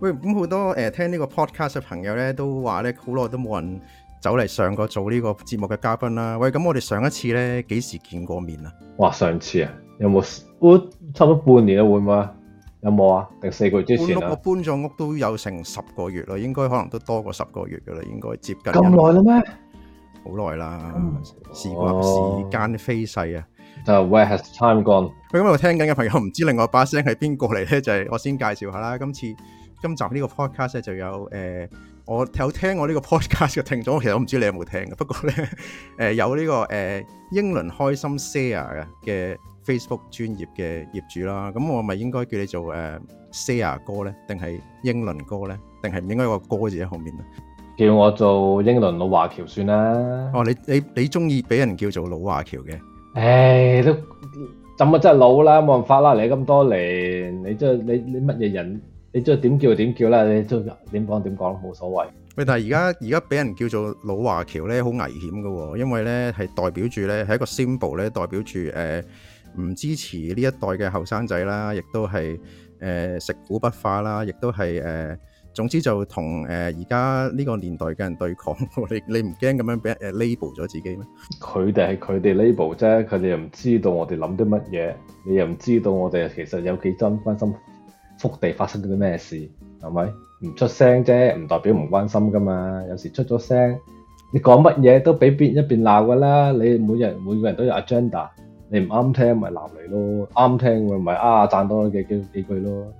喂，咁好多誒、呃，聽呢個 podcast 嘅朋友咧，都話咧，好耐都冇人走嚟上過做呢個節目嘅嘉賓啦。喂，咁我哋上一次咧幾時見過面啊？哇，上次啊，有冇？我差唔多半年啦，會唔會啊？有冇啊？定四個月之前啦、啊。搬咗屋，屋都有成十個月啦，應該可能都多過十個月噶啦，應該接近咁耐啦咩？好耐啦，時光、嗯、時間飛逝啊。就、uh, Where has time gone？喂，咁我聽緊嘅朋友唔知另外把聲係邊個嚟咧，就係、是、我先介紹下啦。今次。今集呢個 podcast 咧就有誒，我有聽我呢個 podcast 嘅聽眾，其實我唔知你有冇聽嘅。不過咧，誒有呢個誒英倫開心些牙嘅 Facebook 專頁嘅業主啦，咁我咪應該叫你做誒些牙哥咧，定係英倫哥咧，定係唔應該個哥字喺後面啊？叫我做英倫老華僑算啦。哦，你你你中意俾人叫做老華僑嘅？誒，都咁啊？真係老啦，冇辦法啦。嚟咁多年，你真係你你乜嘢人？你再點叫點叫啦，你再點講點講冇所謂。喂，但係而家而家俾人叫做老華僑咧，好危險噶喎，因為咧係代表住咧係一個 symbol 咧，代表住誒唔支持呢一代嘅後生仔啦，亦都係誒、呃、食古不化啦，亦都係誒、呃，總之就同誒而家呢個年代嘅人對抗。你你唔驚咁樣俾人 label 咗自己咩？佢哋係佢哋 label 啫，佢哋又唔知道我哋諗啲乜嘢，你又唔知道我哋其實有幾真關心。福地發生啲咩事係咪唔出聲啫？唔代表唔關心噶嘛。有時出咗聲，你講乜嘢都俾邊一邊鬧噶啦。你每日每個人都有 agenda，你唔啱聽咪鬧你咯，啱聽唔咪啊讚多幾幾幾句咯。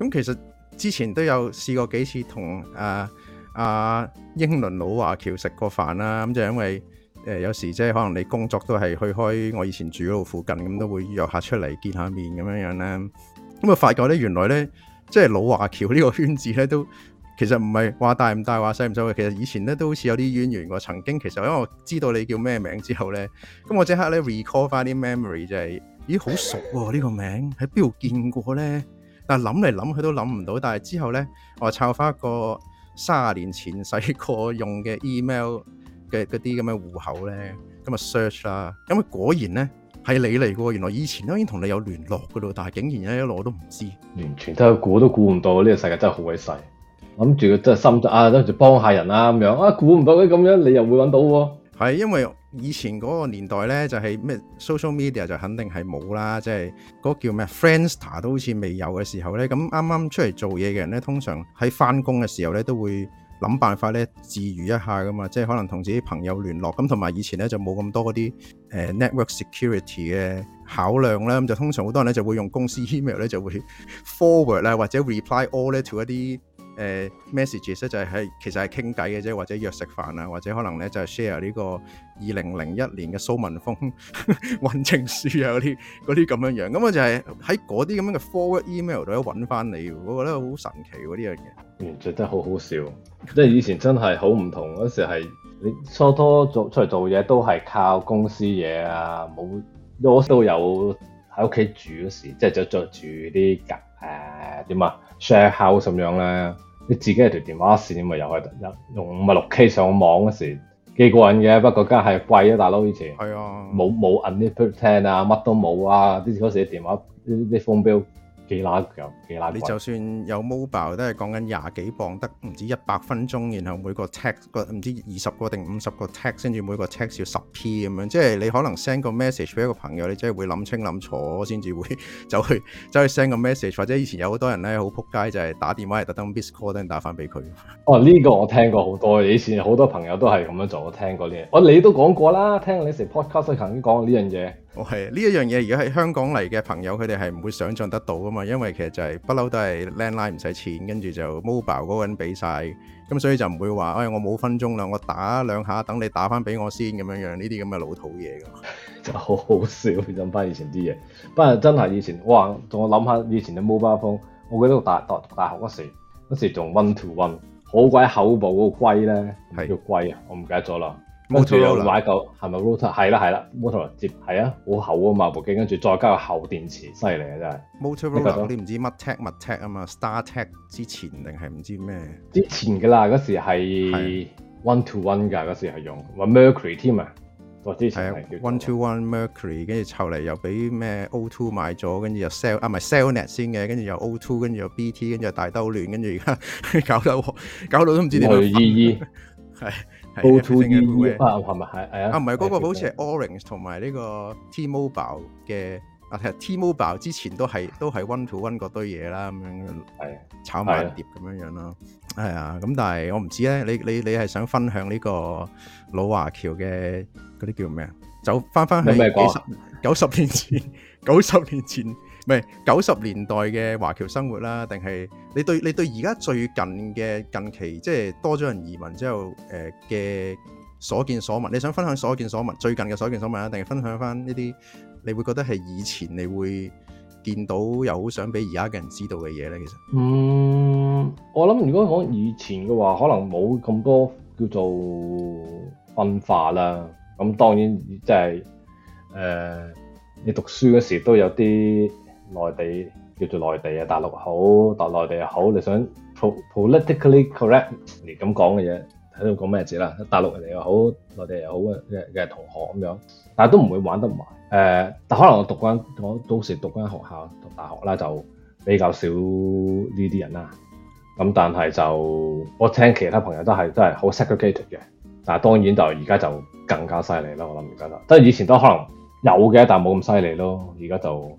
咁其實之前都有試過幾次同誒阿英倫老華僑食過飯啦。咁就因為誒、呃、有時即係可能你工作都係去開我以前住嗰度附近，咁都會約下出嚟見下面咁樣樣咧。咁啊，發覺咧，原來咧，即係老華僑呢個圈子咧，都其實唔係話大唔大，話細唔細。其實以前咧，都好似有啲淵源喎。曾經其實，因為我知道你叫咩名之後咧，咁我即刻咧 recall 翻啲 memory 就係、係、咦，好熟喎、啊，呢、呢個名喺邊度見過咧？但諗嚟諗去都諗唔到。但係之後咧，我抄翻一個卅年前細個用嘅 email 嘅嗰啲咁嘅戶口咧，咁就 search 啦，因為果然咧。係你嚟㗎喎！原來以前都已經同你有聯絡㗎咯，但係竟然一路我都唔知，完全都估都估唔到，呢、這個世界真係好鬼細。諗住佢真係心裡啊，諗住幫下人啦咁樣啊，估、啊、唔到咧咁樣你又會揾到喎、啊。係因為以前嗰個年代咧，就係咩 social media 就肯定係冇啦，即係嗰個叫咩 Friendster 都好似未有嘅時候咧，咁啱啱出嚟做嘢嘅人咧，通常喺翻工嘅時候咧都會。諗辦法咧，治愈一下噶嘛，即可能同自己朋友聯絡，咁同埋以前咧就冇咁多嗰啲 network security 嘅考量啦，咁就通常好多人咧就會用公司 email 咧就會 forward 啦，或者 reply all 咧 to 一啲。誒、uh, messages 咧就係、是、其實係傾偈嘅啫，或者約食飯啊，或者可能咧就係 share 呢個二零零一年嘅蘇文峰運 程書啊嗰啲嗰啲咁樣樣，咁啊就係喺嗰啲咁樣嘅 forward email 度揾翻你，我覺得好神奇喎呢樣嘢，嗯，着得好好笑，即係以前真係好唔同，嗰時係你初初做出嚟做嘢都係靠公司嘢啊，冇，我都有喺屋企住嗰時，即係再着住啲隔誒點啊？share house 咁樣咧，你自己係條電話線咁咪又係用五咪六 K 上網嗰時幾過癮嘅。不過家係貴啊大佬，以前冇冇 input 聽啊，乜都冇啊，啲嗰時電話啲啲 phone bill。幾拿又你就算有 mobile 都係講緊廿幾磅，得唔止一百分鐘，然後每個 t e x t 唔知二十個定五十個 t e x 甚至每個 t e x t 要十 p 咁樣。即係你可能 send 個 message 俾一個朋友，你真係會諗清諗楚先至會走去 send 個 message，或者以前有好多人呢，好撲街就係、是、打電話係特登 b i s c a r d 打返俾佢。哦，呢、這個我聽過好多，以前好多朋友都係咁樣做，聽過呢、這、樣、個。我、哦、你都講過啦，聽你成 podcast 都曾經講呢樣嘢。我係呢一樣嘢，如果係香港嚟嘅朋友，佢哋係唔會想象得到㗎嘛，因為其實就係、是、不嬲都係 landline 唔使錢，跟住就 mobile 嗰個人俾曬，咁所以就唔會話、哎，我冇分鐘啦，我打兩下，等你打翻俾我先咁樣樣，呢啲咁嘅老土嘢噶。就好好笑，諗翻以前啲嘢，不過真係以前，哇！仲我諗下以前嘅 mobile phone，我記得我大大學嗰時候，嗰時仲 one to one，好鬼厚薄嗰個龜咧，叫、嗰個、龜啊，我唔記得咗啦。Moto 住又買嚿係咪 rotor？係啦，係啦 motor 接係啊，好厚啊嘛部機，跟住再加個厚電池，犀利啊真係。motorola 啲唔知乜 tech 乜 tech 啊嘛，star tech 之前定係唔知咩？之前噶啦，嗰時係 one to one 噶，嗰時係用，哇 mercury 添啊，我之前係叫 one to one mercury，跟住湊嚟又俾咩 o two 買咗，跟住又 sell 啊，唔係 sell net 先嘅，跟住又 o two，跟住又 bt，跟住又大兜亂，跟住而家搞到搞到都唔知點。外 EE 係。 O2 嘅 啊，唔係係係唔係嗰個好似係 Orange 同埋呢個 T-Mobile 嘅啊，其實 T-Mobile 之前都係都係 One to One 嗰堆嘢啦，咁樣係炒埋碟咁樣樣咯，係啊，咁但係我唔知咧，你你你係想分享呢個老華僑嘅嗰啲叫咩啊？走翻翻去幾十九十年前，九 十年前。唔係九十年代嘅華僑生活啦，定係你對你對而家最近嘅近期即係多咗人移民之後，誒嘅所見所聞，你想分享所見所聞最近嘅所見所聞啦，定係分享返呢啲你會覺得係以前你會見到又好想俾而家嘅人知道嘅嘢咧？其實嗯，我諗如果講以前嘅話，可能冇咁多叫做分化啦。咁當然即係誒、呃、你讀書嗰時候都有啲。內地叫做內地啊，大陸好，大陸內地又好。你想 po, politically correct 你咁講嘅嘢，睇到講咩字啦？大陸人哋又好，內地又好嘅嘅同學咁樣，但都唔會玩得埋誒、呃。但可能我讀間我到時讀間學校讀大學啦，就比較少呢啲人啦。咁但係就我聽其他朋友都係真係好 segregated 嘅，但係當然就而家就更加犀利啦。我諗而家就即係以前都可能有嘅，但冇咁犀利咯。而家就。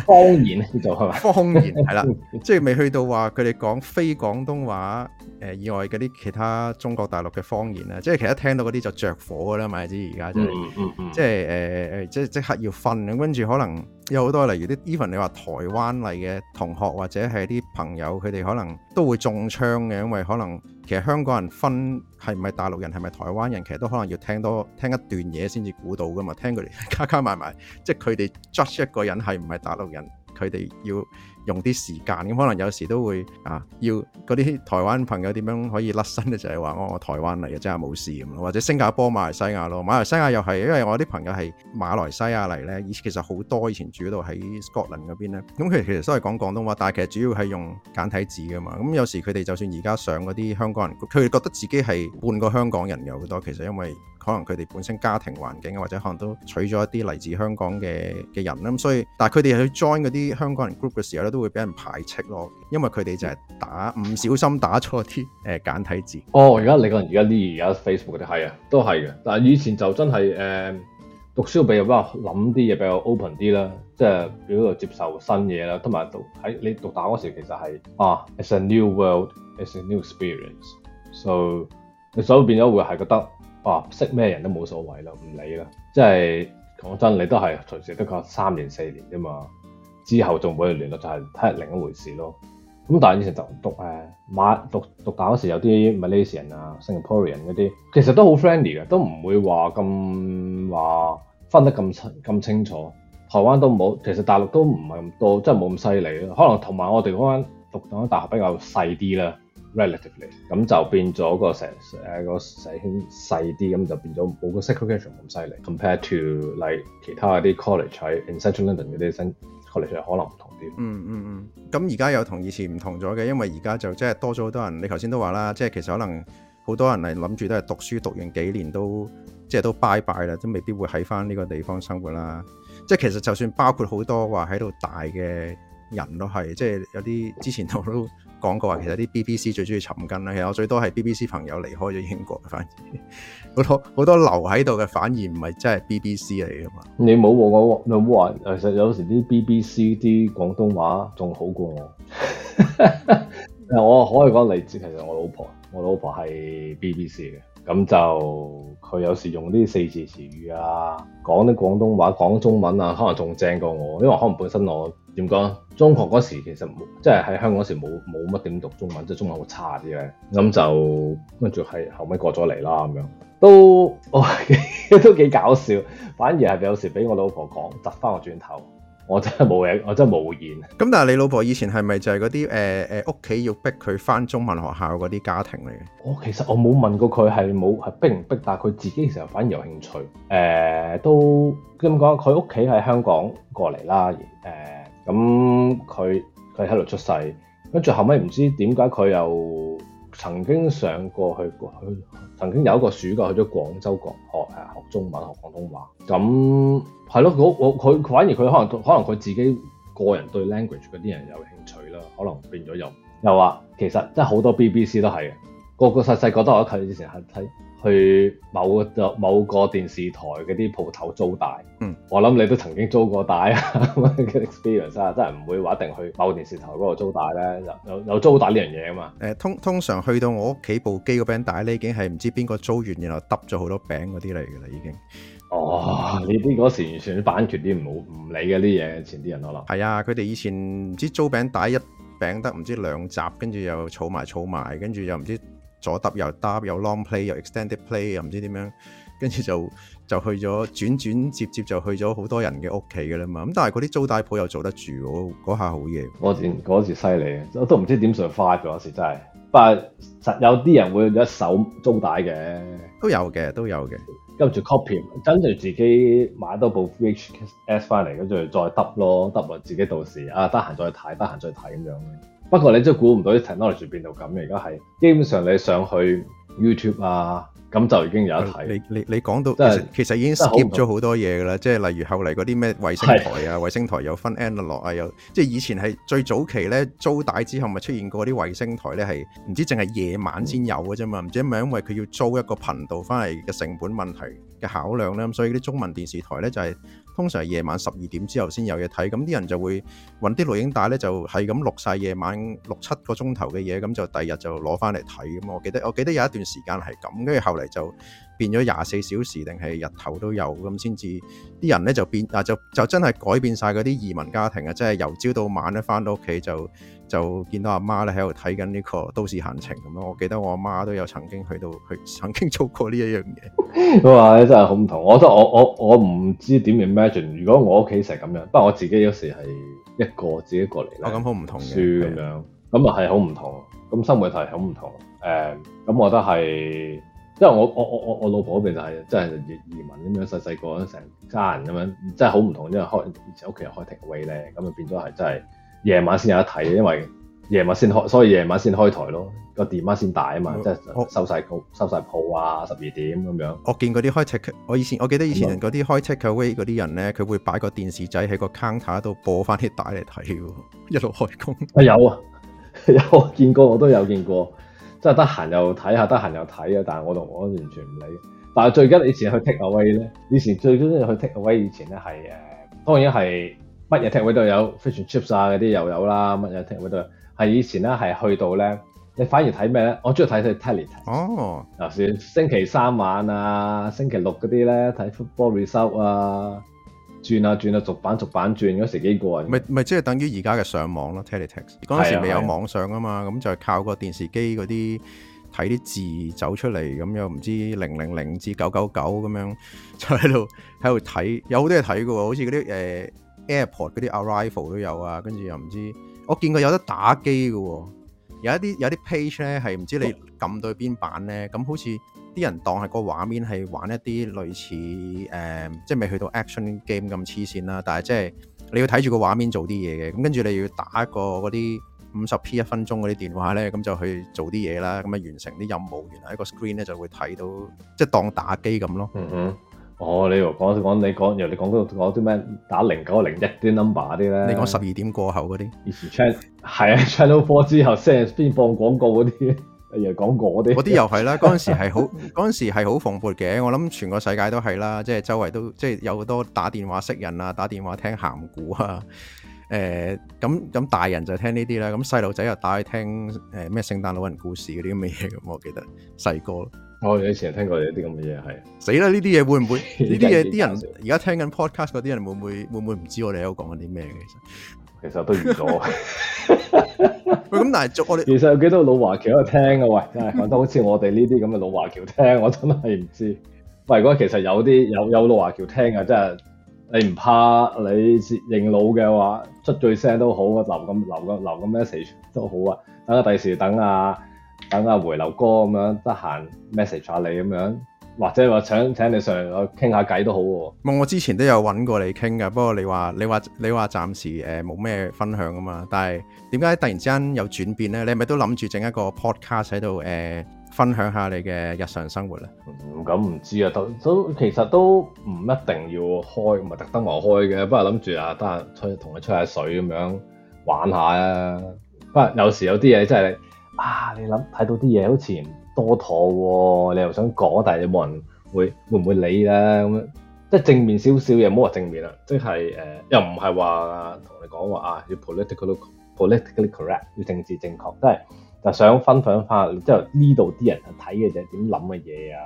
方言呢就係嘛，方言係啦， 即係未去到話佢哋講非廣東話誒以外嗰啲其他中國大陸嘅方言啦，即係其實聽到嗰啲就着火噶啦，咪之而家真係，即係誒誒，即係即刻要瞓，跟住可能。有好多例如啲 even 你話台灣嚟嘅同學或者係啲朋友，佢哋可能都會中槍嘅，因為可能其實香港人分係唔係大陸人係唔係台灣人，其實都可能要聽多聽一段嘢先至估到㗎嘛，聽佢哋加加埋埋，即係佢哋 judge 一個人係唔係大陸人，佢哋要。用啲時間可能有時都會啊，要嗰啲台灣朋友點樣可以甩身，就係話我台灣嚟嘅，真係冇事，或者新加坡、馬來西亞咯，馬來西亞又係，因為我啲朋友係馬來西亞嚟呢。以前其實好多以前住嗰度喺 Scotland 嗰邊呢。咁佢哋其實都係講廣東話，但係其實主要係用簡體字㗎嘛，咁有時佢哋就算而家上嗰啲香港人，佢哋覺得自己係半個香港人有好多，其實因為。可能佢哋本身家庭環境啊，或者可能都娶咗一啲嚟自香港嘅嘅人啦，咁所以，但係佢哋去 join 嗰啲香港人 group 嘅時候咧，都會俾人排斥咯。因為佢哋就係打唔小心打錯啲誒簡體字。哦，而家你個而家呢而家 Facebook 嗰啲係啊，都係嘅。但係以前就真係誒、嗯、讀書比較比較諗啲嘢比較 open 啲啦，即、就、係、是、比較接受新嘢啦。同埋讀喺你讀大學嗰時，其實係啊，it's a new world, it's a new experience，So，所以變咗會係覺得。哇、啊！識咩人都冇所謂啦，唔理啦。即係講真，你都係隨時得個三年四年啫嘛，之後仲會聯絡就係睇另一回事咯。咁但係以前就讀誒馬、啊、讀讀大學嗰時，有啲 Malaysian 啊、Singaporean 嗰啲，其實都好 friendly 嘅，都唔會話咁話分得咁清咁清楚。台灣都冇，其實大陸都唔係咁多，真係冇咁犀利咯。可能同埋我哋嗰間讀大學比較細啲啦。Relatively 咁就變咗個成誒、嗰個成細啲，咁就變咗冇個 segregation 咁犀利。Compared to like 其他嗰啲 college in Central London 嗰啲 college，可能唔同啲。嗯嗯嗯，咁而家又同以前唔同咗嘅，因為而家就即係多咗好多人。你頭先都話啦，即係其實可能好多人嚟諗住都係讀書讀完幾年都即係都拜拜 e 啦，都未必會喺返呢個地方生活啦。即係其實就算包括好多話喺度大嘅。人都係即係有啲之前我都講過話，其實啲 B B C 最中意尋根啦。其實我最多係 B B C 朋友離開咗英國，反而好多好多留喺度嘅反而唔係真係 B B C 嚟噶嘛。你冇話我，你冇話其實有時啲 B B C 啲廣東話仲好過我。 我可以講例子，其實我老婆我老婆係 B B C 嘅，咁就佢有時用啲四字詞語啊，講啲廣東話講中文啊，可能仲正過我，因為可能本身我。點講？中學嗰時其實冇，即係喺香港嗰時冇冇乜點讀中文，即係中文好差啲咧。咁就跟住係後尾過咗嚟啦，咁樣都、哦、 都幾搞笑。反而係有時俾我老婆講，窒翻我轉頭，我真係冇嘢，我真係冇言。咁但係你老婆以前係咪就係嗰啲誒誒屋企要逼佢翻中文學校嗰啲家庭嚟嘅？我、哦、其實我冇問過佢係冇係逼唔逼，但係佢自己其實反而有興趣。誒、呃、都咁講，佢屋企喺香港過嚟啦，誒、呃。咁佢佢喺度出世，跟住後尾唔知點解佢又曾經上過去去，曾經有一個暑假去咗廣州國學學中文學廣東話。咁係咯，我佢反而佢可能可能佢自己個人對 language 嗰啲人有興趣啦，可能變咗又又話其實真係好多 BBC 都係嘅，個個細細個覺得我一契之前睇。去某個某個電視台嗰啲鋪頭租帶，嗯，我諗你都曾經租過帶啊，experience 啊， experience，真係唔會話一定去某電視台嗰度租帶咧，有有租帶呢樣嘢啊嘛。誒，通通常去到我屋企部機個餅帶咧，你已經係唔知邊個租完，然後揼咗好多餅嗰啲嚟㗎啦，已經。哦，你嗰時完全版權啲唔好唔理嘅啲嘢，前啲人可能。係啊，佢哋以前唔知租餅帶一餅得唔知兩集，跟住又儲埋儲埋，跟住又唔知。左揼又揼又 long play 又 extended play 又唔知點樣，跟住就就去咗轉轉接接就去咗好多人嘅屋企嘅啦嘛。咁但係嗰啲租帶鋪又做得住，喎，嗰下好嘢。嗰時犀利，我都唔知點 survive 嗰時真係。不過實有啲人會一手租帶嘅，都有嘅都有嘅。跟住 copy，跟住自己買多部 VHS 翻嚟，跟住再揼囉，揼埋自己到時啊，得閒再睇，得閒再睇咁樣。不過你真係估唔到啲 technology 變到咁嘅，而家係基本上你上去 YouTube 啊，咁就已經有一睇。你你你講到其實，其實已經 skip 咗好多嘢㗎啦，即係例如後嚟嗰啲咩衛星台啊， 衛星台有分 analog 啊，又即係以前係最早期咧租帶之後咪出現過啲衛星台咧，係唔知淨係夜晚先有㗎啫嘛，唔、嗯、知係咪因為佢要租一個頻道翻嚟嘅成本問題？考量啦，所以啲中文電視台咧就係通常係夜晚十二點之後先有嘢睇，咁啲人就會揾啲錄影帶咧就係咁錄晒夜晚六七個鐘頭嘅嘢，咁就第二日就攞翻嚟睇。咁我記得我記得有一段時間係咁，跟住後嚟就變咗廿四小時定係日頭都有，咁先至啲人咧就變啊就就真係改變晒嗰啲移民家庭啊，即係由朝到晚咧翻到屋企就。就見到阿媽咧喺度睇緊呢個都市行程。咁咯。我記得我阿媽都有曾經去到去曾經做過呢一樣嘢。佢話，真係好唔同。我覺得我我我唔知點 imagine。如果我屋企成咁樣，不過我自己有時係一個自己過嚟咧。我覺得好唔同嘅。書咁樣咁啊係好唔同。咁生活題好唔同。誒、嗯、咁，我覺得係因為我我我我我老婆嗰邊就係真係移民咁樣細細個成家人咁樣，真係好唔同。因為開以前屋企人開 takeaway 咧，咁啊變咗係真係。夜晚先有得睇，因為夜晚先開，所以夜晚先開台咯。個電話先大啊嘛，即係收晒鋪、收晒鋪啊，十二點咁樣。我見嗰啲開 take 我以前我記得以前嗰啲開 take away 嗰啲人咧，佢會擺個電視仔喺個 counter 度播翻啲帶嚟睇，一路開工。啊有啊，有我見過，我都有見過，即係得閒又睇下，得閒又睇啊。但係我同我完全唔理。但係最緊以前去 take away 咧，以前最中意去 take away 以前咧係誒，當然係。乜嘢 TV 都有，fish and chips 啊，嗰啲又有啦。乜嘢 TV 都有，係以前咧係去到咧，你反而睇咩咧？我中意睇睇 Teletext 哦嗱，先星期三晚啊，星期六嗰啲咧睇 Football result 啊，轉啊轉啊，逐版逐版轉嗰時幾過。咪咪即係等於而家嘅上網咯 Teletext 嗰、啊、陣時未有網上啊嘛，咁、啊、就係靠個電視機嗰啲睇啲字走出嚟，咁又唔知零零零至九九九咁樣，就喺度喺度睇，有好多嘢睇嘅喎，好似嗰啲誒。呃 Airport 嗰啲 arrival 都有啊，跟住又唔知，我見過有得打機嘅、哦，有一啲有啲 page 咧係唔知你撳到邊版咧，咁好似啲人當係個畫面係玩一啲類似、呃、即係未去到 action game 咁黐線啦，但係即係你要睇住個畫面做啲嘢嘅，咁跟住你要打一個嗰啲五十 P 一分鐘嗰啲電話咧，咁就去做啲嘢啦，咁啊完成啲任務，原來一個 screen 咧就會睇到，即係當打機咁咯。Mm-hmm. 哦，你又講講你講，又你講嗰度講啲咩打零九零一啲 number 啲咧？你講十二點過後嗰啲？以前 Channel 係啊 ，Channel Four 之後先先放廣告嗰啲，又講我啲，嗰啲又係啦。嗰 陣時係好，嗰陣時好蓬勃嘅。我諗全個世界都係啦，即係周圍都即係有好多打電話識人啊，打電話聽鹹古啊。誒、欸，咁咁大人就聽呢啲啦，咁細路仔又打去聽誒咩、呃、聖誕老人故事嗰啲咁嘅嘢咁，我記得細個。我以前聽過有啲咁嘅嘢，係死啦！呢啲嘢會唔會？呢啲嘢啲人而家聽緊 podcast 嗰啲人會唔會 會唔會唔知我哋喺度講緊啲咩嘅？其實其實都唔咗。喂， 咁但係我哋其實有幾多老華僑喺度聽㗎？喂，真係講得好似我哋呢啲咁嘅老華僑聽，我真係唔知。喂， 如果其實有啲有有老華僑聽嘅，真係你唔怕你認老嘅話，出最聲都好啊，留咁留個留個 message 都好啊。等第時等啊！等下回流歌咁樣，得閒 message 下你咁樣，或者話請請你上嚟傾下偈都好。問、嗯、我之前都有揾過你傾噶，不過你話你話你話暫時誒冇咩分享啊嘛。但係點解突然之間有轉變咧？你係咪都諗住整一個 podcast 喺度誒分享下你嘅日常生活咧？唔咁唔知啊，都都其實都唔一定要開，唔係特登我開嘅。不過諗住啊，得閒出同佢吹下水咁樣玩下呀。不過有時有啲嘢真係。啊！你諗睇到啲嘢好似唔多妥喎、喔，你又想講，但係有冇人會唔會，會理咧，咁樣即係正面少少嘢，唔好話正面啦，即係、呃、又唔係話同你講話啊，要 political politically correct，要政治正確，即係就是想分享翻即係呢度啲人睇嘅啫，點諗嘅嘢啊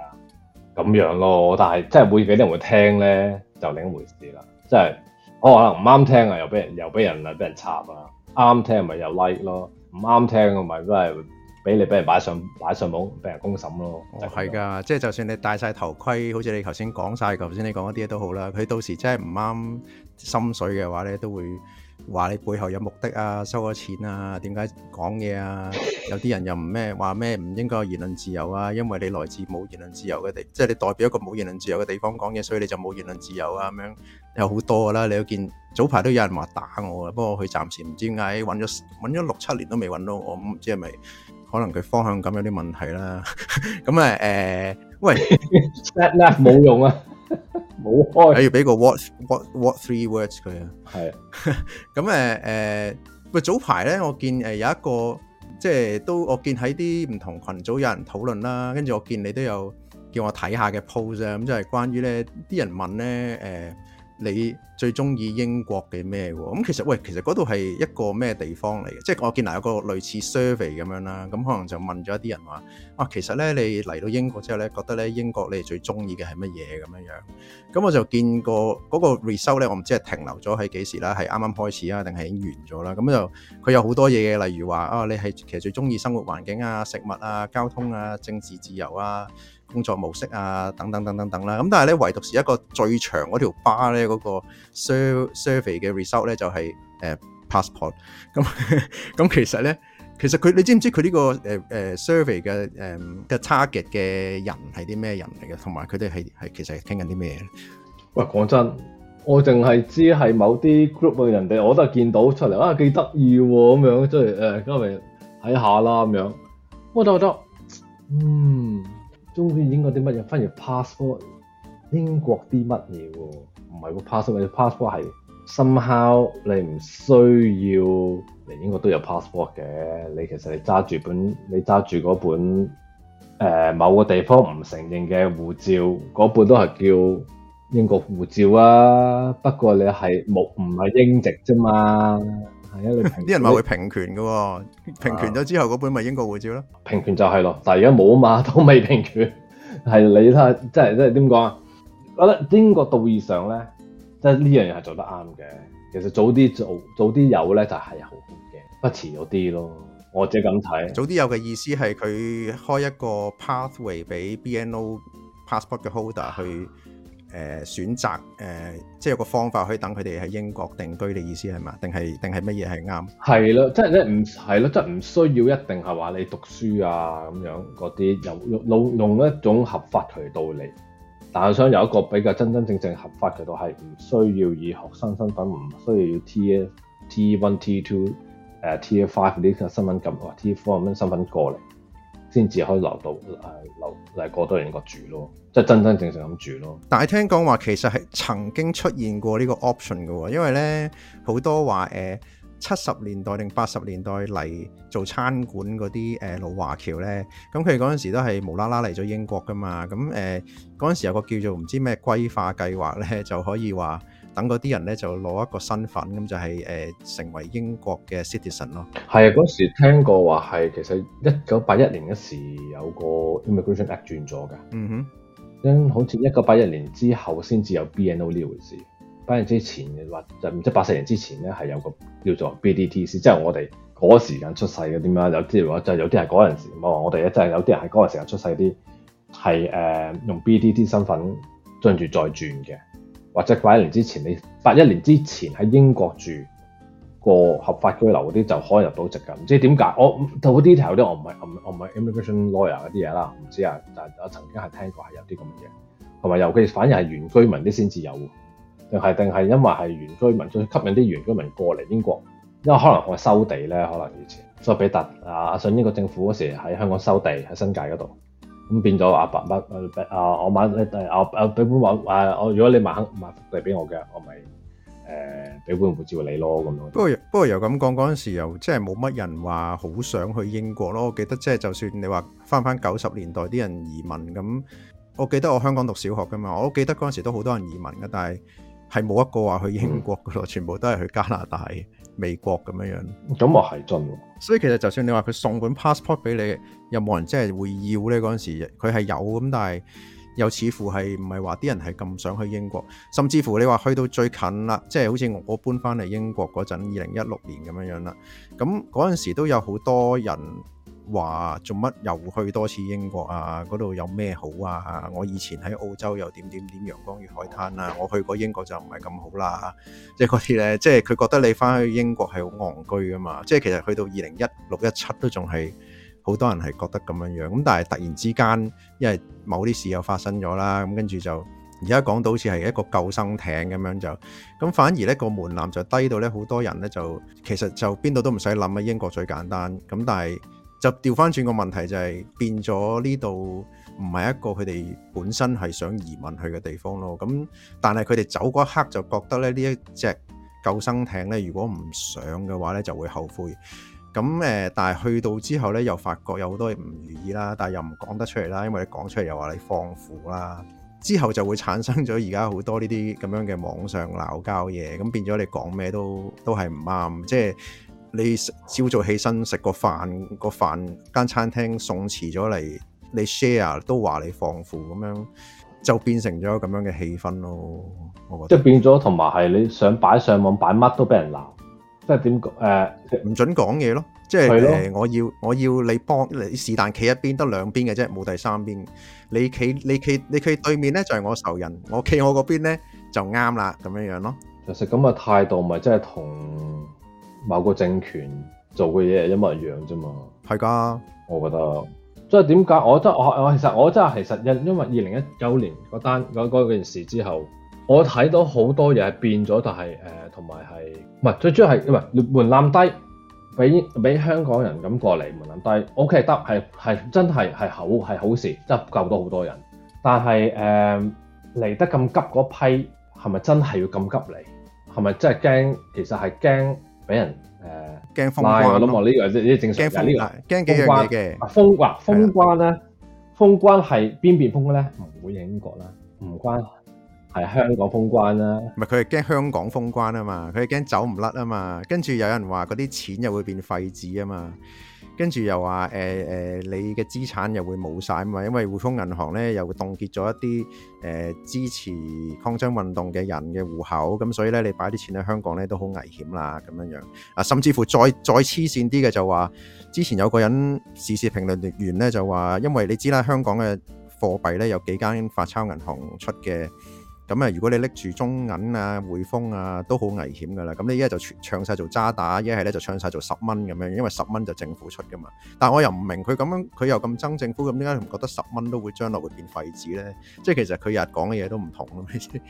咁樣咯。但係真係會幾多人會聽咧，就另一回事啦。即係哦，可能唔啱聽啊，又俾人又俾人啊，俾人插啊，啱聽咪又 like 咯。唔啱聽，同埋都係俾你俾人擺上擺上網，俾人公審咯。係、哦、噶，即、就、係、是、就算你戴晒頭盔，好似你頭先講晒，頭先你講嗰啲嘢都好啦。佢到時真係唔啱心水嘅話咧，你都會。話你背後有目的啊，收咗錢啊，點解講嘢啊？有啲人又唔咩話咩唔應該有言論自由啊，因為你來自冇言論自由嘅地，即係你代表一個冇言論自由嘅地方講嘢，所以你就冇言論自由啊。咁樣有好多噶啦，你都見早排都有人話打我啊，不過佢暫時唔知點解揾咗揾咗六七年都未揾到我，唔知係咪可能佢方向感有啲問題啦？咁啊誒，喂，叻喇，冇 用啊！冇開，你要俾個 what what what three words 佢啊？係啊，咁誒誒，喂，早排咧，我見誒有一個，即係都我見喺啲唔同羣組有人討論啦，跟住我見你都有叫我睇下嘅 post 啊，咁即係關於咧啲人問咧誒。你最中意英國嘅咩喎？咁其實喂，其實嗰度係一個咩地方嚟嘅？即係我見嗱有個類似 survey 咁樣啦，咁可能就問咗一啲人話：啊，其實咧你嚟到英國之後咧，覺得咧英國你最中意嘅係乜嘢咁樣樣？咁我就見過嗰個 result 咧，我唔知係停留咗喺幾時啦，係啱啱開始啊，定係已經完咗啦？咁就佢有好多嘢嘅，例如話啊，你係其實最中意生活環境啊、食物啊、交通啊、政治自由啊。工作模式啊，等等等等等啦。咁但係咧，唯獨是一個最長嗰條 bar 咧，嗰個 survey 嘅 result 咧就係誒 passport。咁咁其實咧，其實佢你知唔知佢呢個誒誒 survey 嘅誒嘅 target 嘅人係啲咩人嚟嘅？同埋佢哋係係其實係傾緊啲咩咧？喂，講真，我淨係知係某啲 group 嘅人哋，我都係見到出嚟啊，幾得意咁樣，即係誒，今日睇下啦咁樣。我得我得，嗯、啊。啊啊啊啊啊啊啊中英英國啲乜嘢？反而 passport 英國啲乜嘢喎？唔係個 passport，passport 係 somehow 你唔需要嚟英國都有 passport 嘅。你其實你揸住本，你揸住嗰本誒、呃、某個地方唔承認嘅護照，嗰本都係叫英國護照啊。不過你係木唔係英籍啫嘛？啲人話會平權嘅，平權咗之後嗰本咪英國護照咧、啊。平權就係咯但而家冇啊嘛，都未平權。係你睇下，即係即係點講啊？我覺得英國道義上咧，即係呢樣嘢係做得啱嘅。其實早啲做，早啲有咧就係好好嘅，不遲咗啲咯。我自己咁睇。早啲有嘅意思係佢開一個 pathway 俾 BNO passport 嘅 holder 去。啊誒、呃、選擇誒、呃，即係有個方法可以等佢哋喺英國定居嘅意思係嘛？定係定係乜嘢係啱？係咯，即係即唔係咯，即係唔需要一定係話你讀書啊咁樣嗰啲，用用用用一種合法渠道嚟。但係我想有一個比較真真正正合法渠道，係唔需要以學生身份，唔需要要 T F T One T Two 誒 T F Five 啲嘅身份咁，哇 T Four 咁樣身份過嚟。先至可以留到誒留嚟過多年個住咯，即係真真正正咁住咯。但係聽講話其實係曾經出現過呢個 option 㗎喎，因為咧好多話誒七十年代定八十年代嚟做餐館嗰啲、呃、老華僑咧，咁佢嗰陣時都係無啦啦嚟咗英國噶嘛，咁嗰陣時有個叫做唔知咩規劃計劃咧，就可以話。等嗰啲人咧就攞一個身份咁就係、是、誒、呃、成為英國嘅 citizen 咯。係啊，嗰時聽過話係其實一九八一年嗰時候有個 immigration act 轉咗㗎。嗯哼，因好似一九八一年之後先至有 BNO 呢回事。反正之前嘅話就唔知八十年之前咧係有個叫做 BDTC，即係我哋嗰時間出世嗰啲咩有啲即係有啲係嗰陣時唔係話我哋咧，即係有啲人喺嗰陣時出世啲係誒用 BDTC 身份將住再轉嘅。或者八一年之前，你八一年之前喺英國住過合法居留嗰啲，就可以入到籍㗎。唔知點解，我到 detail 我唔係我唔係 immigration lawyer 嗰啲嘢啦，唔知啊。但係我曾經係聽過係有啲咁嘅嘢，同埋尤其反而係原居民啲先至有，定係定係因為係原居民，所以吸引啲原居民過嚟英國，因為可能我收地咧，可能以前所以比特啊，信英國政府嗰時喺香港收地喺新界嗰度。咁變咗阿白晚啊！我晚誒啊啊！俾本我誒我如果你晚黑買嚟俾我嘅，我咪誒俾本護照你咯咁咯。不過不過又咁講嗰陣時又即係冇乜人話好想去英國咯。我記得即係就算你話翻翻九十年代啲人移民咁，我記得我香港讀小學噶嘛，我記得嗰陣時都好多人移民㗎，但係係冇一個話去英國噶咯，嗯，全部都係去加拿大。美國咁樣樣，咁啊係真喎。所以其實就算你話佢送本 passport 俾你，又冇人真係會要呢？嗰陣時佢係有咁，但係又似乎係唔係話啲人係咁想去英國，甚至乎你話去到最近啦，即係好似我搬翻嚟英國嗰陣，二零一六年咁樣樣啦。咁嗰陣時都有好多人。話做乜又去多次英國啊？嗰度有咩好啊？我以前喺澳洲又點點點陽光與海灘啊。我去過英國就唔係咁好啦，啊就是。即係嗰啲咧，即係佢覺得你返去英國係好戇居噶嘛。即係其實去到二零一六一七都仲係好多人係覺得咁樣樣。咁但係突然之間，因為某啲事又發生咗啦。咁跟住就而家講到好似係一個救生艇咁樣就咁，反而呢個門檻就低到呢。好多人呢，就其實就邊度都唔使諗啊。英國最簡單咁，但係。就掉返轉個問題就係變咗呢度唔係一個佢哋本身係想移民去嘅地方咯。咁但係佢哋走嗰一刻就覺得咧呢一隻救生艇咧，如果唔上嘅話咧就會後悔。咁誒，但係去到之後咧又發覺有好多嘢唔如意啦，但係又唔講得出嚟啦，因為你講出嚟又話你放負啦。之後就會產生咗而家好多呢啲咁樣嘅網上鬧交嘢，咁變咗你講咩都都係唔啱，即係。你食朝早起身食個飯，個飯間餐廳送遲咗嚟，你 share 都話你放腐咁樣，就變成咗咁樣嘅氣氛咯。我覺得即係變咗，同埋係你想擺上網擺乜都俾人鬧，即係點講誒？唔、呃、准講嘢咯，即係誒，我要我要你幫你是但企一邊得兩邊嘅啫，冇第三邊。你企你企你企對面咧就係、是、我仇人，我企我嗰邊咧就啱啦咁樣樣咯。就係咁嘅態度咪即係同？某個政權做嘅嘢一模一樣啫嘛，係噶，我覺得，即係點解我即係我我其實我真係其實因因為二零一九年嗰單嗰件事之後，我睇到好多嘢係變咗，但係同埋係唔係最主要係因為門檻低，俾俾香港人咁過嚟門檻低，我 k 得係真係係好好事，即係救到好多人。但係嚟、呃、得咁急嗰批係咪真係要咁急嚟？係咪真係驚？其實係驚。俾人驚、呃、封關，我諗我呢個係正常嘅，呢個驚、呢個、幾樣嘢嘅。封關係封關咧，封關係邊邊封咧？唔會英國啦，唔關係香港封關啦。唔係佢係驚香港封關啊嘛，佢係驚走唔甩啊嘛。跟住有人話嗰啲錢又會變廢紙啊嘛。嗯跟住又話誒誒，你嘅資產又會冇晒，嘛？因為匯豐銀行咧又凍結咗一啲誒、呃、支持抗爭運動嘅人嘅戶口，咁所以咧你擺啲錢喺香港咧都好危險啦咁樣樣啊，甚至乎再再黐線啲嘅就話、是，之前有個人時事評論員咧就話，因為你知啦，香港嘅貨幣咧有幾間發鈔銀行出嘅。咁如果你拎住中銀啊、匯豐啊，都好危險㗎啦。咁你一係就唱晒做渣打，一係咧就唱晒做十蚊咁樣，因為十蚊就政府出噶嘛。但我又唔明佢咁樣，佢又咁憎政府，咁點解唔覺得十蚊都會將來會變廢紙咧？即係其實佢日講嘅嘢都唔同。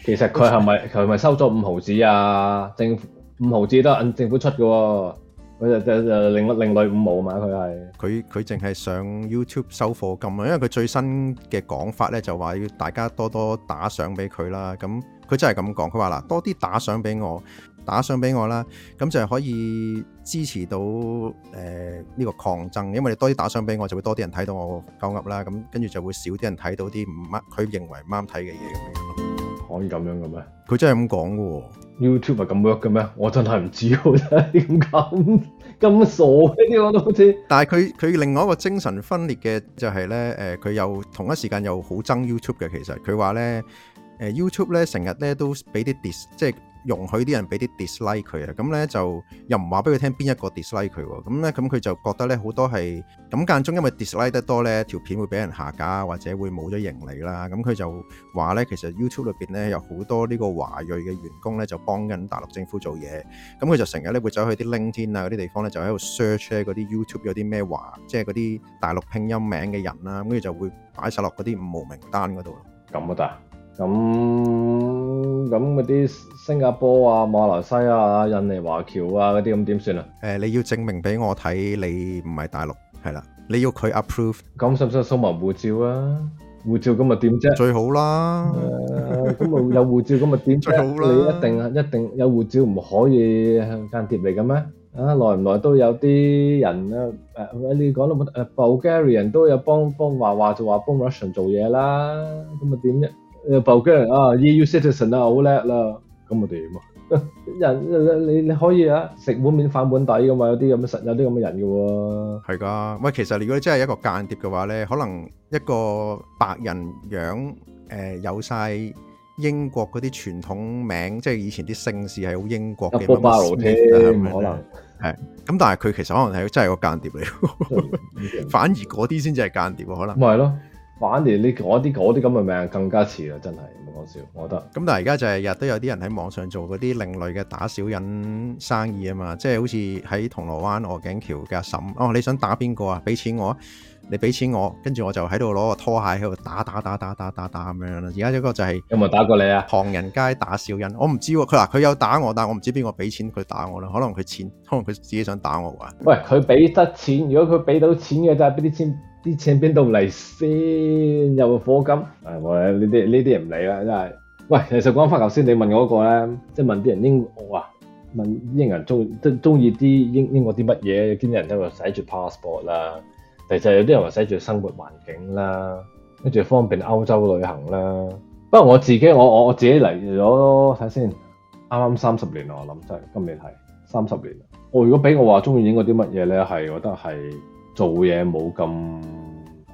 其實佢係咪佢係咪收咗五毫子啊？政府五毫子都係政府出㗎喎、啊。佢就就就另另類五毛嘛，佢係佢佢淨係上 YouTube 收貨咁啊。因為佢最新嘅講法咧就話要大家多多打賞俾佢啦。咁佢真係咁講，佢話嗱多啲打賞俾我，打賞俾我啦，咁就係可以支持到誒呢、呃呢個抗爭，因為你多啲打賞俾我，就會多啲人睇到我鳩噏啦。咁跟住就會少啲人睇到啲唔啱，佢認為唔啱睇嘅嘢咁樣咯。可以咁樣嘅咩？佢真係咁講嘅喎。YouTube 係咁 work 嘅咩？我真係唔知喎，點解咁咁傻呢啲我都知。但係佢佢另外一個精神分裂嘅就係、是、咧，誒、呃、佢又同一時間又好憎 YouTube 嘅。其實佢話咧，誒、呃、YouTube 咧成日咧都俾啲 dis，即係。容許啲人俾啲 dislike 佢啊，咁咧就又唔話俾佢聽邊一個 dislike 佢喎，咁咧咁佢就覺得咧好多係咁間中，因為 dislike 得多咧條片會俾人下架或者會冇咗盈利啦，咁佢就話咧其實 YouTube 裏邊咧有好多呢個華裔嘅員工咧就幫緊大陸政府做嘢，咁佢就成日咧會走去啲 LinkedIn 啊嗰啲地方咧就喺度 search 咧嗰啲 YouTube 有啲咩華即係嗰啲大陸拼音名嘅人啦，咁佢就會擺曬落嗰啲五毛名單嗰度。咁啊得？咁。咁嗰啲新加坡啊、馬來西亞、印尼華僑啊嗰啲，咁點算啊？誒，你要證明俾我睇你唔係大陸，係啦，你要佢 approve。咁使唔使收埋護照啊？護照咁咪點啫？最好啦。咁咪有護照咁咪點最好啦？你一定啊，一定有護照，唔可以間諜嚟嘅咩？啊，耐唔耐都有啲人啊，誒，你講到誒，保加利亞人都有幫幫話話，就話幫 Russian 做嘢啦，咁咪點啫？又保加利亞人啊！EU citizen 啊，好叻啦！咁我哋點啊？人你你可以啊，食碗面反碗底噶嘛？有啲咁嘅實有啲咁嘅人噶喎。係噶，喂，其實如果你真係一個間諜嘅話咧，可能一個白人樣誒，有曬英國嗰啲傳統名，即係以前啲姓氏係好英國嘅，唔可能係。咁但係佢其實可能係真係個間諜嚟，反而嗰啲先至係間諜喎，可能。咪係咯。反而你啲嗰啲咁嘅名更加似啦，真係唔好講笑。我覺得咁，但係而家就係日都有啲人喺網上做嗰啲另類嘅打小人生意啊嘛，即係好似喺銅鑼灣鵝頸橋嘅阿嬸哦，你想打邊個啊？俾錢我，你俾錢我，跟住我就喺度攞個拖鞋喺度打打打打打打打咁樣啦。而家一個就係有冇打過你啊？唐人街打小人，我唔知喎、啊。佢話佢有打我，但係我唔知邊個俾錢佢打我啦。可能佢錢，可能佢自己想打我啩、啊？喂，佢俾得錢，如果佢俾到錢嘅就係俾啲錢？請邊度嚟先？有個火金，誒，我呢啲呢啲唔理啦，真係。喂，其實講翻頭先你問我，嗰個咧，即係問啲人英語啊，問啲人中即中意啲英英國啲乜嘢，有啲人都話寫住 passport 啦，其實有啲人話寫住生活環境啦，跟住方便歐洲旅行啦。不過我自己，我我我自己嚟咗睇先看看，啱啱三十年啦我諗，真係今年係三十年啦。我如果俾我話中意英國啲乜嘢咧，係覺得係做嘢冇咁。嗯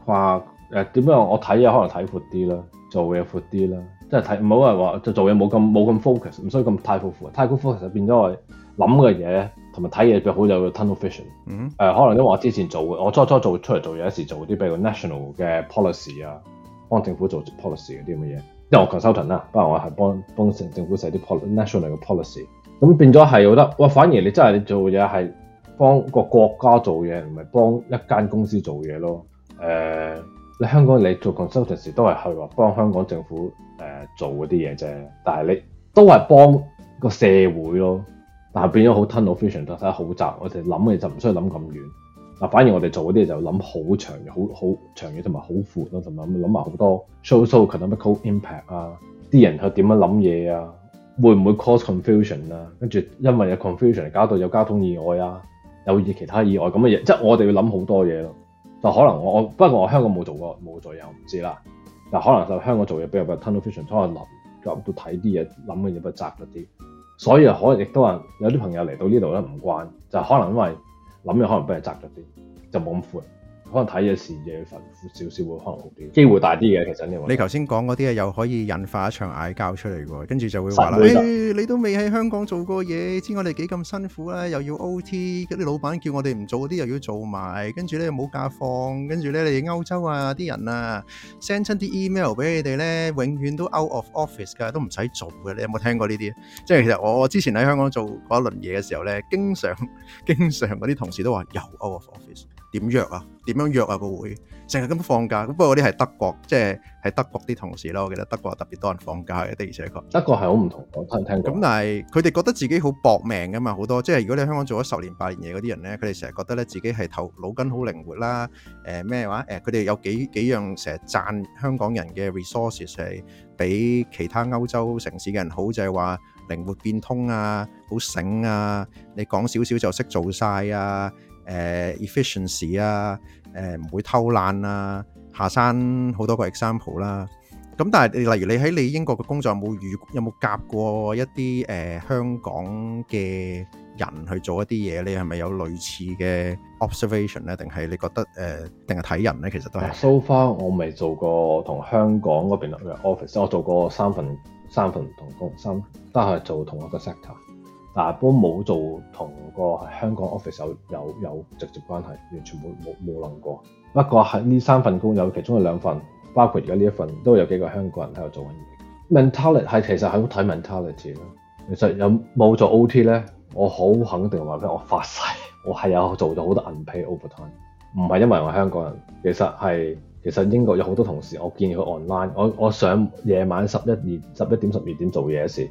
話誒點樣？我睇嘢可能睇闊啲啦，做嘢闊啲啦，即係睇唔好係話就做嘢冇咁冇咁 focus，唔需要咁太 focus，太 focus 變咗我諗嘅嘢同埋睇嘢比較好有 tunnel vision。誒、mm -hmm. 呃、可能因為我之前做，我初初做出嚟做嘢，有時做啲比較 national 嘅 policy 啊，幫政府做 policy 嗰啲咁嘅嘢，即係我 consultant 啦。不過我係幫幫政府寫啲 national 嘅 policy，咁變咗係覺得哇、呃，反而你真係你做嘢係幫個國家做嘢，唔係幫一間公司做嘢咯。誒、uh, 你香港你做 consultant 都係去話幫香港政府、uh, 做嗰啲嘢啫，但係你都係幫個社會咯。但係變咗好 tunnel vision 就睇得好窄。我哋諗嘅就唔需要諗咁遠。嗱，反而我哋做嗰啲就諗好長、長好好長嘢，同埋好闊咯，同埋諗埋好多 social economical impact 啊，啲人佢點樣諗嘢啊，會唔會 cause confusion 啊？跟住因為有 confusion 搞到有交通意外啊，有其他意外咁嘅嘢，即係、就是、我哋要諗好多嘢咯。但可能我，我不過我香港冇做過冇做嘢，唔知道，但可能就香港做嘢，比如比 tunnel vision 可能諗入到睇啲嘢，諗嘅嘢比較窄咗啲，所以可可亦都話有啲朋友嚟到呢度不唔慣，就是、可能因為諗嘅可能比較窄咗啲，就冇咁寬。可能睇嘅事嘅份少少，會可能好啲，機會大啲嘅。其實你話，你頭先講嗰啲又可以引發一場嗌交出嚟喎，跟住就會話啦、哎：，你都未喺香港做過嘢，知我哋幾咁辛苦啦，又要 OT，嗰啲老闆叫我哋唔做嗰啲，又要做埋，跟住咧又冇假放，跟住咧你歐洲啊啲人啊，send 親啲 email 俾你哋咧，永遠都 out of office 㗎，都唔使做嘅。你有冇聽過呢啲？即係其實我之前喺香港做嗰一輪嘢嘅時候咧，經常經常嗰啲同事都話又 out of office。點約啊？點樣約啊？個會成日咁放假咁。不過嗰啲係德國，即係喺德國啲同事咯。我記得德國特別多人放假嘅，的而且確。德國係好唔同喎，咁但係佢哋覺得自己好搏命㗎嘛。好多即係如果你喺香港做咗十年八年嘢嗰啲人咧，佢哋成日覺得咧自己係頭腦筋好靈活啦。誒咩話？誒佢哋有幾幾樣成日讚香港人嘅 resources 係比其他歐洲城市嘅人好，就係話靈活變通啊，好醒啊，你講少少就識做晒啊。誒、uh, efficiency 啊，誒、uh、唔會偷懶啊，下山好多個 example 啦。咁、嗯、但係你例如你喺你英國嘅工作有冇遇有冇夾過一啲誒、uh, 香港嘅人去做一啲嘢？你係咪有類似嘅 observation 咧？定係你覺得誒、uh、定係睇人咧？其實都係。So far 我未做過同香港嗰邊嘅 office，我做過三分三同工三，但係做同一個 sector。嗱，都冇做同個香港 office 有有有直接關係，完全冇冇冇諗過。不過喺呢三份工有其中有兩份，包括而家呢一份，都有幾個香港人喺度做緊嘢。Mentality 係 其實係睇 mentality 啦。其實有冇做 OT 呢？我好肯定話俾你，我發誓，我係有做咗好多 unpaid overtime，唔係因為我係香港人。其實係其實英國有好多同事，我見佢 online，我我上夜晚十一點十一點十二點做嘢時。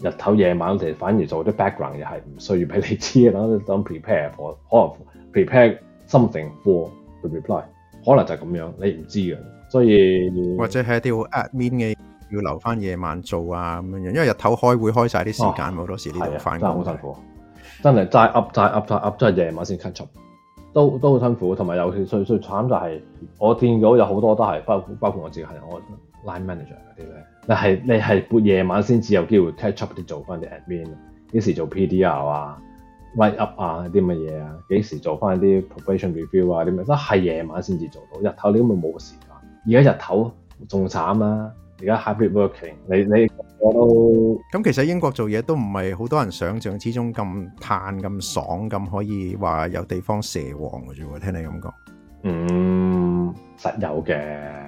日頭夜晚我哋反而做啲 background 又係唔需要俾你知啦，等 prepare 可能 prepare something for the reply，可能就係咁樣，你唔知嘅，所以或者係啲好 admin 嘅要留翻夜晚做啊，咁樣因為日頭開會開晒啲時間，好、哦、多時呢度嘅反應真係好辛苦， 真係齋噏齋噏齋噏真係夜晚先 cut up，都都好辛苦，同埋有時最最慘就係、是、我見到有好多都係，包括包括我自己係我。line manager 嗰啲咧，你係你係半夜晚先至有機會 catch up 啲做翻啲 admin，幾時做 PDR 啊、write up 啊啲乜嘢啊，幾時做翻啲 probation review 啊啲乜，都係夜晚先至做到。日頭你咁咪冇時間。而家日頭仲慘啊？而家 happy working 你。你你我都咁其實英國做嘢都唔係好多人想象之中咁嘆咁爽咁可以話有地方蛇王嘅啫喎，聽你咁講。嗯，實有嘅。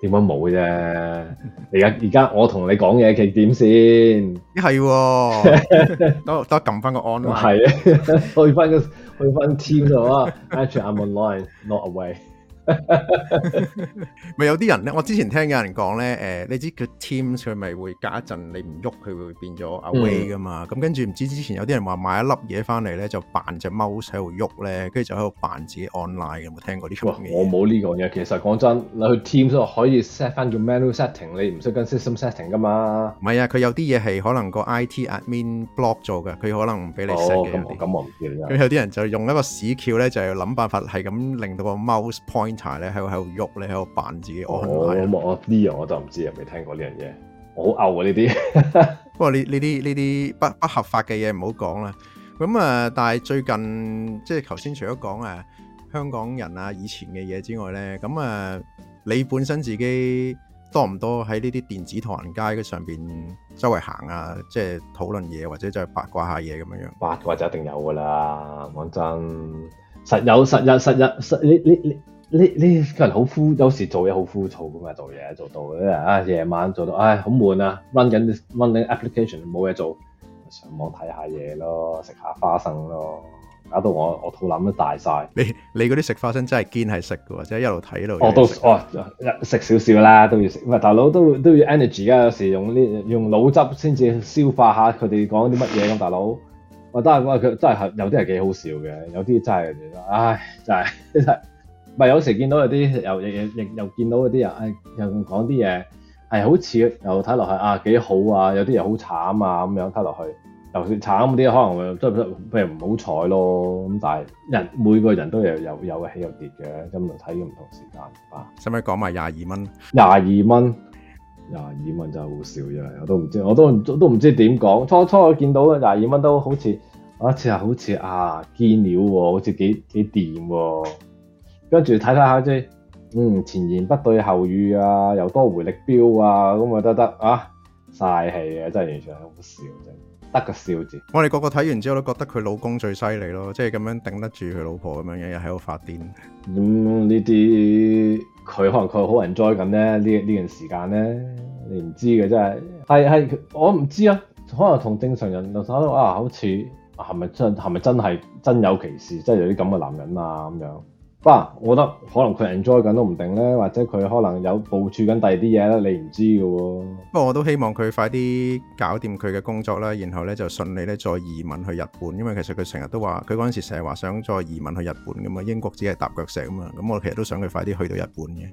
點解冇啫？而家而家我同你講嘢，佢點先？一係喎，得得撳翻個 ON 嘛。係啊，去翻去翻 team 度啊，actually I'm online, not away。咪 有啲人咧，我之前聽有人講咧，誒、呃，你知佢 Teams 佢咪會隔一陣你唔喐佢會變咗 Away 噶嘛，咁、嗯、跟住唔知之前有啲人話買一粒嘢翻嚟咧就扮隻 mouse 喺度喐咧，跟住就喺度扮自己 online，有冇聽過呢出戲？我冇呢個嘢，其實講真，你去 Teams 可以 set 翻做 manual setting，你唔使跟 system setting 噶嘛。唔係啊，佢有啲嘢係可能個 IT admin block 咗嘅，佢可能唔俾你 set 嘅、哦。咁、嗯、我唔、嗯、知有啲人就用一個屎橋咧，就諗辦法係咁令到個 mouse point。柴咧喺度喺度喐，你喺度扮自己。我、哦哦、我我呢樣我就唔知，未聽過呢樣嘢。我好嘔啊！呢啲不過呢呢啲呢啲不不合法嘅嘢唔好講啦。咁啊，但係最近即係頭先，除咗講誒香港人啊以前嘅嘢之外咧，咁啊，你本身自己多唔多喺呢啲電子唐人街嘅上邊周圍行啊？即係討論嘢或者就係八卦下嘢咁樣樣八卦就一定有噶啦。講真，實有實有實有實你你你。你你你個人好敷，有時做嘢好枯燥噶嘛？做嘢做到啲人到很啊，夜晚做到唉，好悶啊！run 緊 running application，冇嘢做，上網睇下嘢咯，食下花生咯，搞到我我肚腩都大晒。你你嗰啲食花生真係堅係食噶喎，即係一路睇一路。我都哦，食、哦哦、少少啦，都要食。唔係大佬都都要 energy 啊、 嗯，有時用呢用腦汁先至消化下佢哋講啲乜嘢咁。大佬，我都係我佢真係有啲係幾好笑嘅，有啲真係唉，真係真係。真咪有時見到有啲又又又又，又見到嗰啲人，誒、哎、又講啲嘢係好似又睇落去，啊幾好啊，有啲又好慘啊咁樣睇落去，尤其是慘啲，可能都都譬如唔好彩咯咁。但係人每個人都有有有起有跌嘅，咁就睇咗唔同時間啊。使唔使講埋廿二蚊？廿二蚊，廿二蚊真係好少嘅，我都唔知，我都我都唔知點講。初初我見到嘅廿二蚊都好似我好似係好似啊堅料喎，好似幾幾掂喎。啊跟住睇睇下即係，嗯，前言不對後語啊，又多回力標啊，咁啊得得啊嘥氣啊，真係完全係好笑真係。得個笑字。我哋個個睇完之後都覺得佢老公最犀利咯，即係咁樣頂得住佢老婆咁樣，日日喺度發癲。嗯，呢啲佢可能佢好 enjoy 緊咧呢呢呢段時間咧，你唔知嘅真係係係我唔知啊。可能同正常人就睇到啊，好似係咪真係係咪真係真有其事，真係有啲咁嘅男人啊咁樣。哇！我覺得可能佢 enjoy 緊都唔定咧，或者佢可能有部署緊第二啲嘢咧，你唔知㗎喎。不過我都希望佢快啲搞掂佢嘅工作啦，然後咧就順利咧再移民去日本，因為其實佢成日都話佢嗰陣時成日話想再移民去日本嘅嘛。英國只係踏腳石啊嘛。咁我其實都想佢快啲去到日本嘅。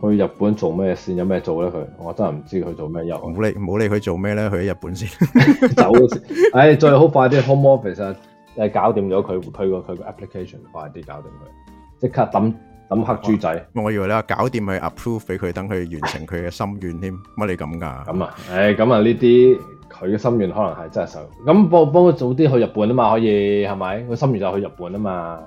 去日本做咩先有做？有咩做咧？佢我真係唔知佢做咩。又冇理冇理佢做咩咧？去咗日本先 走。先。哎，最好快啲 Home Office 啊！誒，搞掂咗佢推過佢個 application，快啲搞掂佢。即刻抌抌黑豬仔。哦！我以為你話搞掂佢 approve 俾佢，等佢完成佢嘅心願添，乜你咁噶？咁啊，咁、哎、啊，呢啲佢嘅心願可能係真係想咁幫幫佢早啲去日本啊嘛，可以係咪？佢心願就去日本啊嘛，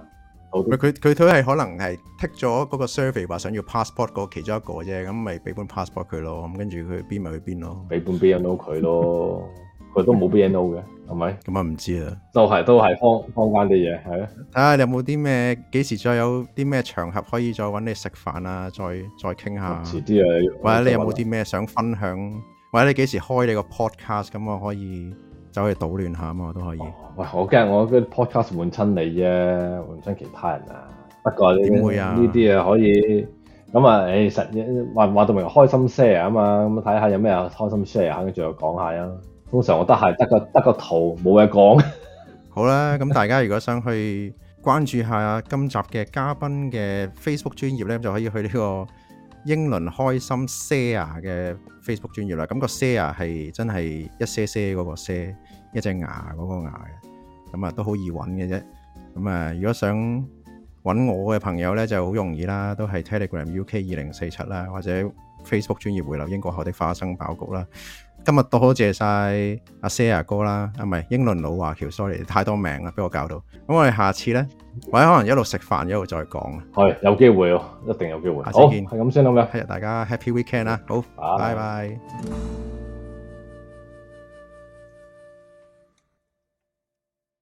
佢佢係可能係剔咗嗰個 survey 話想要 passport 嗰個其中一個啫，咁咪俾本 passport 佢咯，咁跟住佢邊咪去邊咯，俾本俾到佢咯。 都冇 BNO 嘅，係咪？咁啊，唔知啊，就係、是、都係方方間啲嘢係啊。睇下你有冇啲咩，幾時再有啲咩場合可以再搵你食飯啊？再再傾下，遲啲啊或有有。或者你有冇啲咩想分享？或者你幾時開你個 podcast？咁我可以走去搗亂下啊嘛，我都可以。喂、哦，我驚我個 podcast 換親你啫、啊，換親其他人啊。不過點會啊？呢啲啊可以咁啊，誒實話話到明開心 share 啊嘛。咁睇下有咩啊開心 share，跟住又講下啊。通常我得係得個得個圖，冇嘢講。好啦，咁大家如果想去關注下今集嘅嘉賓嘅 Facebook 專頁咧，就可以去呢個英倫開心些嘅 Facebook 專頁啦。咁個些係真係一些些嗰個些，一隻牙嗰個牙嘅。咁啊，都好易揾嘅啫。咁啊，如果想揾我嘅朋友咧，就好容易啦，都係 Telegram UK 二零四七啦，或者 Facebook 專頁回流英國口的花生爆谷啦。今日多謝曬阿 Sara 哥啦，啊唔係英倫老華僑，sorry 太多名啦，俾我搞到。咁我哋下次咧，或者可能一路食飯一路再講啊。係有機會喎，一定有機會。下次見，好，係咁先啦，今日大家 Happy Weekend 啦，好，拜拜。